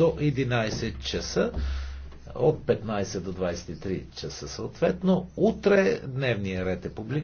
до 11 часа, от 15 до 23 часа съответно. Утре дневния ред е публикуван.